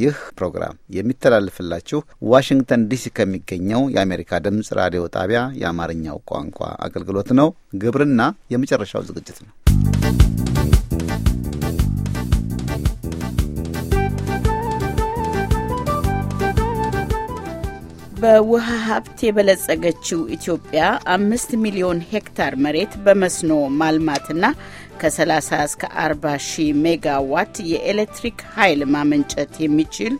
ይህ ፕሮግራም የሚተላለፍላችሁ ዋሽንግተን ዲሲ ከሚገኘው የአሜሪካ ድምፅ ራዲዮ ጣቢያ የአማርኛው ቋንቋ አገልግሎት ነው። ግብርና የመጨረሻው ዝግጅት ነው። በውሃ ሀብት የበለጸገችው ኢትዮጵያ አምስት ሚሊዮን ሄክታር መሬት በመስኖ ማልማትና ከ30 እስከ 40 ሺህ ሜጋዋት የኤሌክትሪክ ኃይል ማመንጨት የሚችል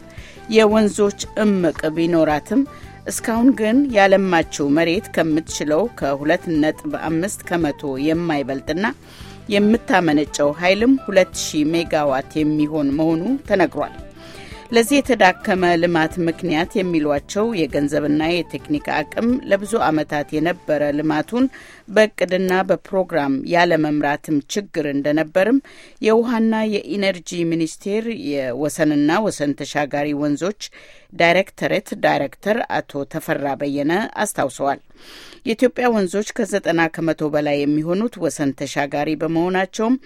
የወንዞች እምቅ ቢኖራትም እስካሁን ግን ያለማችው መሬት ከምትችለው ከ2.5 ከመቶ የማይበልጥና የምታመነጨው ኃይልም 2000 ሜጋዋት የሚሆን መሆኑ ተነግሯል። ለዚህ የተዳከመ ልማት ምክንያት የሚሏቸው የገንዘብና የቴክኒክ አቅም፣ ለብዙ ዓመታት የነበረ ልማቱን በእቅድና በፕሮግራም ያለመምራትም ችግር እንደነበርም የውሃና የኢነርጂ ሚኒስቴር የወሰንና ወሰን ተሻጋሪ ወንዞች ዳይሬክተሬት ዳይሬክተር አቶ ተፈራ በየነ አስታውሰዋል። የኢትዮጵያ ወንዞች ከዘጠና ከመቶ በላይ የሚሆኑት ወሰን ተሻጋሪ በመሆናቸውም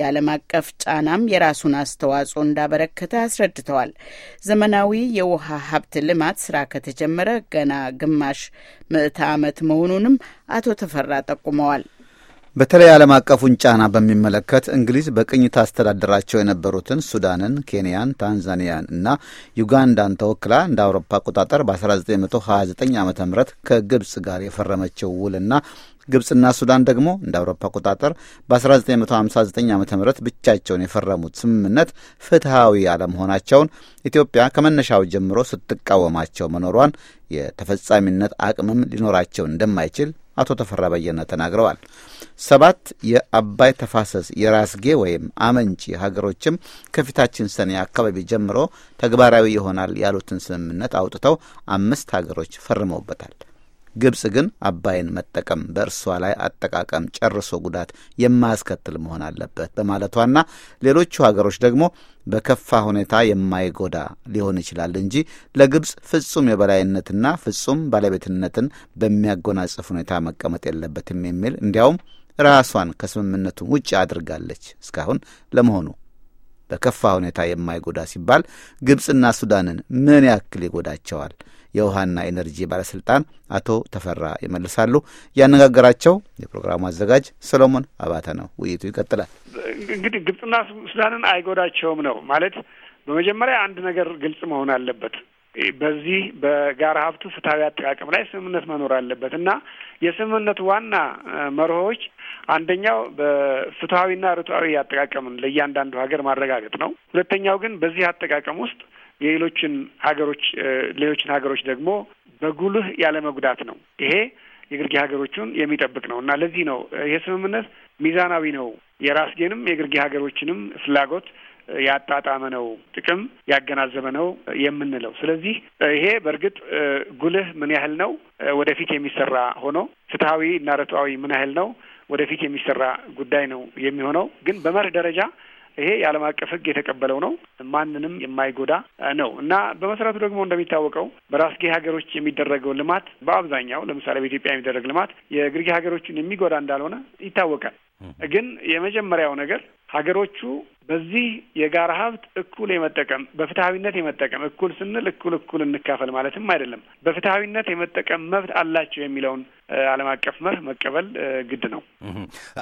የዓለም አቀፍ ጫናም የራሱን አስተዋጽኦ እንዳበረከተ አስረድተዋል። ዘመናዊ የውሃ ሀብት ልማት ስራ ከተጀመረ ገና ግማሽ ምዕተ ዓመት መሆኑንም አቶ ተፈራ ጠቁመዋል። በተለይ ዓለም አቀፉን ጫና በሚመለከት እንግሊዝ በቅኝ ታስተዳድራቸው የነበሩትን ሱዳንን፣ ኬንያን፣ ታንዛኒያን እና ዩጋንዳን ተወክላ እንደ አውሮፓ አቆጣጠር በ1929 ዓ ም ከግብፅ ጋር የፈረመችው ውልና ግብፅና ሱዳን ደግሞ እንደ አውሮፓ አቆጣጠር በ1959 ዓ ም ብቻቸውን የፈረሙት ስምምነት ፍትሐዊ አለመሆናቸውን ኢትዮጵያ ከመነሻው ጀምሮ ስትቃወማቸው መኖሯን የተፈጻሚነት አቅምም ሊኖራቸው እንደማይችል አቶ ተፈራ በየነ ተናግረዋል። ሰባት የአባይ ተፋሰስ የራስጌ ወይም አመንጪ ሀገሮችም ከፊታችን ሰኔ አካባቢ ጀምሮ ተግባራዊ ይሆናል ያሉትን ስምምነት አውጥተው አምስት ሀገሮች ፈርመውበታል። ግብጽ ግን አባይን መጠቀም በእርሷ ላይ አጠቃቀም ጨርሶ ጉዳት የማያስከትል መሆን አለበት በማለቷና ሌሎቹ ሀገሮች ደግሞ በከፋ ሁኔታ የማይጎዳ ሊሆን ይችላል እንጂ ለግብጽ ፍጹም የበላይነትና ፍጹም ባለቤትነትን በሚያጎናጽፍ ሁኔታ መቀመጥ የለበትም የሚል እንዲያውም ራሷን ከስምምነቱ ውጭ አድርጋለች እስካሁን። ለመሆኑ በከፋ ሁኔታ የማይጎዳ ሲባል ግብፅና ሱዳንን ምን ያክል ይጎዳቸዋል? የውሃና ኤነርጂ ባለስልጣን አቶ ተፈራ ይመልሳሉ። ያነጋገራቸው የፕሮግራሙ አዘጋጅ ሰሎሞን አባተ ነው። ውይይቱ ይቀጥላል። እንግዲህ ግብፅና ሱዳንን አይጎዳቸውም ነው ማለት በመጀመሪያ አንድ ነገር ግልጽ መሆን አለበት። በዚህ በጋራ ሀብቱ ፍትሐዊ አጠቃቀም ላይ ስምምነት መኖር አለበት እና የስምምነቱ ዋና መርሆዎች አንደኛው በፍትሐዊና ርትዓዊ አጠቃቀምን ለእያንዳንዱ ሀገር ማረጋገጥ ነው። ሁለተኛው ግን በዚህ አጠቃቀም ውስጥ የሌሎችን ሀገሮች ሌሎችን ሀገሮች ደግሞ በጉልህ ያለመጉዳት ነው። ይሄ የግርጌ ሀገሮቹን የሚጠብቅ ነው እና ለዚህ ነው ይሄ ስምምነት ሚዛናዊ ነው። የራስጌንም የግርጌ ሀገሮችንም ፍላጎት ያጣጣመ ነው፣ ጥቅም ያገናዘበ ነው የምንለው። ስለዚህ ይሄ በእርግጥ ጉልህ ምን ያህል ነው ወደፊት የሚሰራ ሆኖ ፍትሐዊ እና ርትዓዊ ምን ያህል ነው ወደፊት የሚሰራ ጉዳይ ነው የሚሆነው። ግን በመርህ ደረጃ ይሄ የዓለም አቀፍ ሕግ የተቀበለው ነው። ማንንም የማይጎዳ ነው እና በመሰረቱ ደግሞ እንደሚታወቀው በራስጌ ሀገሮች የሚደረገው ልማት በአብዛኛው ለምሳሌ በኢትዮጵያ የሚደረግ ልማት የግርጌ ሀገሮችን የሚጎዳ እንዳልሆነ ይታወቃል። ግን የመጀመሪያው ነገር ሀገሮቹ በዚህ የጋራ ሀብት እኩል የመጠቀም በፍትሀዊነት የመጠቀም እኩል ስንል እኩል እኩል እንካፈል ማለትም አይደለም። በፍትሀዊነት የመጠቀም መብት አላቸው የሚለውን ዓለም አቀፍ መርህ መቀበል ግድ ነው።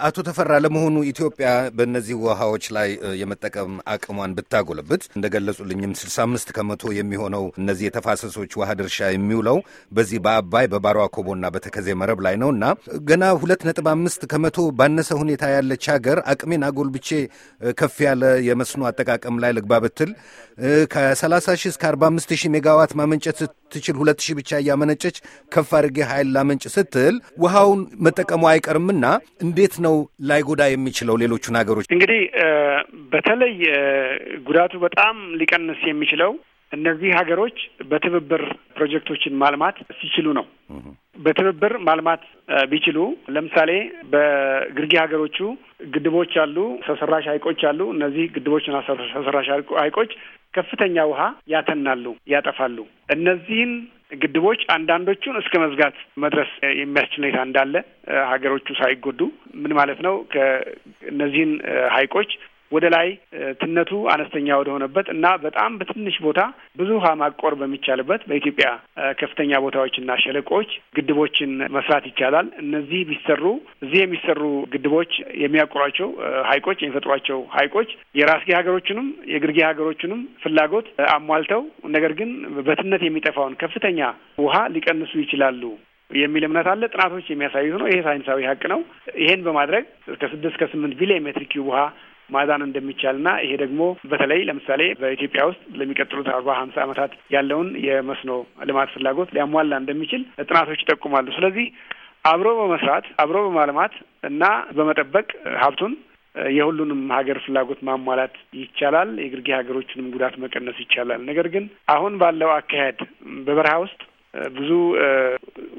አቶ ተፈራ፣ ለመሆኑ ኢትዮጵያ በእነዚህ ውሃዎች ላይ የመጠቀም አቅሟን ብታጎለብት እንደገለጹልኝም ስልሳ አምስት ከመቶ የሚሆነው እነዚህ የተፋሰሶች ውሃ ድርሻ የሚውለው በዚህ በአባይ በባሮ አኮቦና በተከዜ መረብ ላይ ነው እና ገና ሁለት ነጥብ አምስት ከመቶ ባነሰ ሁኔታ ያለች ሀገር አቅሜን አጎልብቼ ከፍ ያለ የመስኖ አጠቃቀም ላይ ልግባ ብትል ከሰላሳ ሺህ እስከ አርባ አምስት ሺህ ሜጋዋት ማመንጨት ስትችል ሁለት ሺህ ብቻ እያመነጨች ከፍ አድርጌ ኃይል ላመንጭ ስት። ስል ውሃውን መጠቀሙ አይቀርምና እንዴት ነው ላይጎዳ የሚችለው ሌሎቹን ሀገሮች? እንግዲህ በተለይ ጉዳቱ በጣም ሊቀንስ የሚችለው እነዚህ ሀገሮች በትብብር ፕሮጀክቶችን ማልማት ሲችሉ ነው። በትብብር ማልማት ቢችሉ ለምሳሌ በግርጌ ሀገሮቹ ግድቦች አሉ፣ ሰው ሰራሽ ሀይቆች አሉ። እነዚህ ግድቦችና ሰው ሰራሽ ከፍተኛ ውሃ ያተናሉ፣ ያጠፋሉ። እነዚህን ግድቦች አንዳንዶቹን እስከ መዝጋት መድረስ የሚያስችል ሁኔታ እንዳለ ሀገሮቹ ሳይጎዱ ምን ማለት ነው? ከእነዚህን ሀይቆች ወደ ላይ ትነቱ አነስተኛ ወደሆነበት እና በጣም በትንሽ ቦታ ብዙ ውሃ ማቆር በሚቻልበት በኢትዮጵያ ከፍተኛ ቦታዎችና ሸለቆዎች ግድቦችን መስራት ይቻላል። እነዚህ ቢሰሩ እዚህ የሚሰሩ ግድቦች የሚያቆሯቸው ሀይቆች የሚፈጥሯቸው ሀይቆች የራስጌ ሀገሮችንም የግርጌ ሀገሮችንም ፍላጎት አሟልተው ነገር ግን በትነት የሚጠፋውን ከፍተኛ ውሃ ሊቀንሱ ይችላሉ የሚል እምነት አለ። ጥናቶች የሚያሳዩት ነው። ይሄ ሳይንሳዊ ሀቅ ነው። ይሄን በማድረግ እስከ ስድስት ከስምንት ቢሊዮን ሜትሪክ ውሃ ማዳን እንደሚቻልና ይሄ ደግሞ በተለይ ለምሳሌ በኢትዮጵያ ውስጥ ለሚቀጥሉት አርባ ሀምሳ ዓመታት ያለውን የመስኖ ልማት ፍላጎት ሊያሟላ እንደሚችል ጥናቶች ይጠቁማሉ። ስለዚህ አብሮ በመስራት አብሮ በማልማት እና በመጠበቅ ሀብቱን የሁሉንም ሀገር ፍላጎት ማሟላት ይቻላል። የግርጌ ሀገሮችንም ጉዳት መቀነስ ይቻላል። ነገር ግን አሁን ባለው አካሄድ በበረሃ ውስጥ ብዙ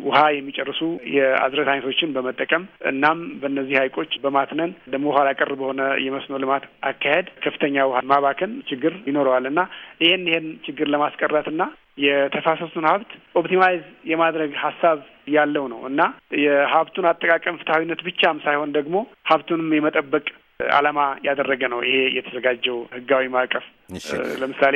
ውሃ የሚጨርሱ የአዝረት አይነቶችን በመጠቀም እናም በእነዚህ ሀይቆች በማትነን ደግሞ ኋላ ቀር በሆነ የመስኖ ልማት አካሄድ ከፍተኛ ውሃ ማባከን ችግር ይኖረዋል እና ይህን ይህን ችግር ለማስቀረትና የተፋሰሱን ሀብት ኦፕቲማይዝ የማድረግ ሀሳብ ያለው ነው እና የሀብቱን አጠቃቀም ፍትሐዊነት ብቻም ሳይሆን ደግሞ ሀብቱንም የመጠበቅ ዓላማ ያደረገ ነው ይሄ የተዘጋጀው ህጋዊ ማዕቀፍ። ለምሳሌ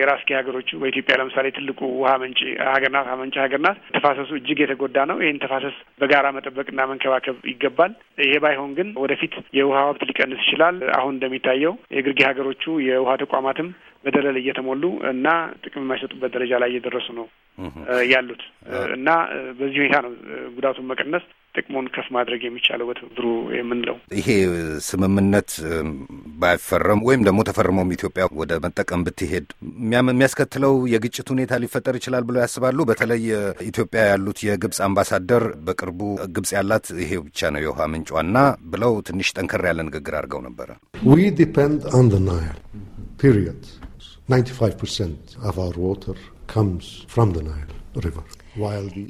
የራስጌ ሀገሮች በኢትዮጵያ ለምሳሌ ትልቁ ውሃ ምንጭ ሀገር ናት፣ ውሃ ምንጭ ሀገር ናት። ተፋሰሱ እጅግ የተጎዳ ነው። ይህን ተፋሰስ በጋራ መጠበቅና መንከባከብ ይገባል። ይሄ ባይሆን ግን ወደፊት የውሃ ሀብት ሊቀንስ ይችላል። አሁን እንደሚታየው የግርጌ ሀገሮቹ የውሃ ተቋማትም በደለል እየተሞሉ እና ጥቅም የማይሰጡበት ደረጃ ላይ እየደረሱ ነው። ያሉት እና በዚህ ሁኔታ ነው ጉዳቱን መቀነስ ጥቅሙን ከፍ ማድረግ የሚቻለው በትብብሩ የምንለው ይሄ ስምምነት ባይፈረም ወይም ደግሞ ተፈርሞም ኢትዮጵያ ወደ መጠቀም ብትሄድ የሚያስከትለው የግጭት ሁኔታ ሊፈጠር ይችላል ብለው ያስባሉ? በተለይ ኢትዮጵያ ያሉት የግብፅ አምባሳደር በቅርቡ ግብፅ ያላት ይሄ ብቻ ነው የውሃ ምንጯና ብለው ትንሽ ጠንከር ያለ ንግግር አድርገው ነበረ። ዊ ዲፔንድ ኦን ዘ ናይል ፒሪየድ 95%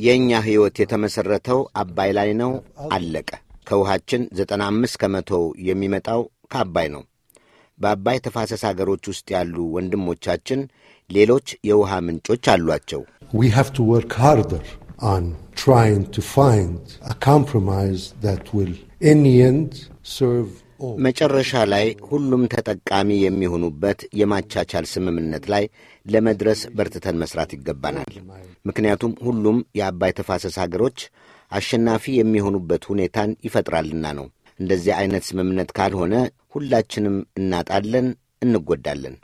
የእኛ ሕይወት የተመሠረተው አባይ ላይ ነው። አለቀ። ከውሃችን 95 ከመቶ የሚመጣው ከአባይ ነው። በአባይ ተፋሰስ አገሮች ውስጥ ያሉ ወንድሞቻችን ሌሎች የውሃ ምንጮች አሏቸው። መጨረሻ ላይ ሁሉም ተጠቃሚ የሚሆኑበት የማቻቻል ስምምነት ላይ ለመድረስ በርትተን መስራት ይገባናል። ምክንያቱም ሁሉም የአባይ ተፋሰስ ሀገሮች አሸናፊ የሚሆኑበት ሁኔታን ይፈጥራልና ነው። እንደዚህ አይነት ስምምነት ካልሆነ ሁላችንም እናጣለን፣ እንጎዳለን።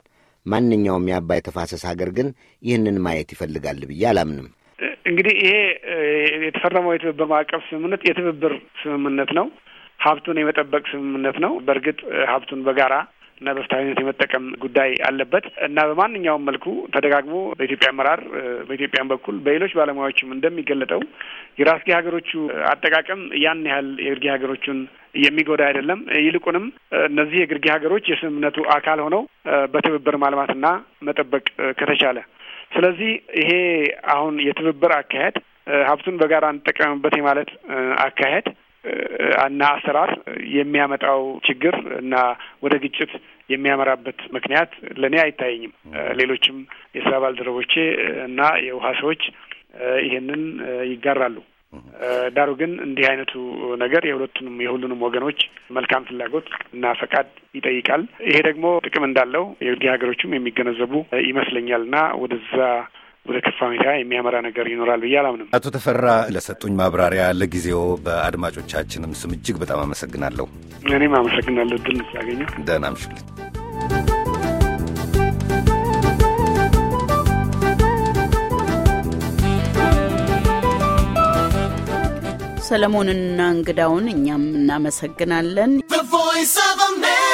ማንኛውም የአባይ ተፋሰስ ሀገር ግን ይህንን ማየት ይፈልጋል ብዬ አላምንም። እንግዲህ ይሄ የተፈረመው የትብብር ማዕቀፍ ስምምነት የትብብር ስምምነት ነው። ሀብቱን የመጠበቅ ስምምነት ነው። በእርግጥ ሀብቱን በጋራ እና በፍትሐዊነት የመጠቀም ጉዳይ አለበት እና በማንኛውም መልኩ ተደጋግሞ በኢትዮጵያ አመራር በኢትዮጵያን በኩል በሌሎች ባለሙያዎችም እንደሚገለጠው የራስጌ ሀገሮቹ አጠቃቀም ያን ያህል የግርጌ ሀገሮቹን የሚጎዳ አይደለም። ይልቁንም እነዚህ የግርጌ ሀገሮች የስምምነቱ አካል ሆነው በትብብር ማልማትና መጠበቅ ከተቻለ ስለዚህ ይሄ አሁን የትብብር አካሄድ ሀብቱን በጋራ እንጠቀምበት የማለት አካሄድ እና አሰራር የሚያመጣው ችግር እና ወደ ግጭት የሚያመራበት ምክንያት ለእኔ አይታየኝም። ሌሎችም የስራ ባልደረቦቼ እና የውሃ ሰዎች ይሄንን ይጋራሉ። ዳሩ ግን እንዲህ አይነቱ ነገር የሁለቱንም የሁሉንም ወገኖች መልካም ፍላጎት እና ፈቃድ ይጠይቃል። ይሄ ደግሞ ጥቅም እንዳለው የውጭ ሀገሮችም የሚገነዘቡ ይመስለኛል እና ወደዛ ወደ ከፋ ሁኔታ የሚያመራ ነገር ይኖራል ብዬ አላምንም። አቶ ተፈራ ለሰጡኝ ማብራሪያ ለጊዜው በአድማጮቻችንም ስም እጅግ በጣም አመሰግናለሁ። እኔም አመሰግናለሁ ድል ስላገኘሁ። ደህና ምሽልኝ። ሰለሞንና እንግዳውን እኛም እናመሰግናለን። ቮይስ ኦፍ አሜሪካ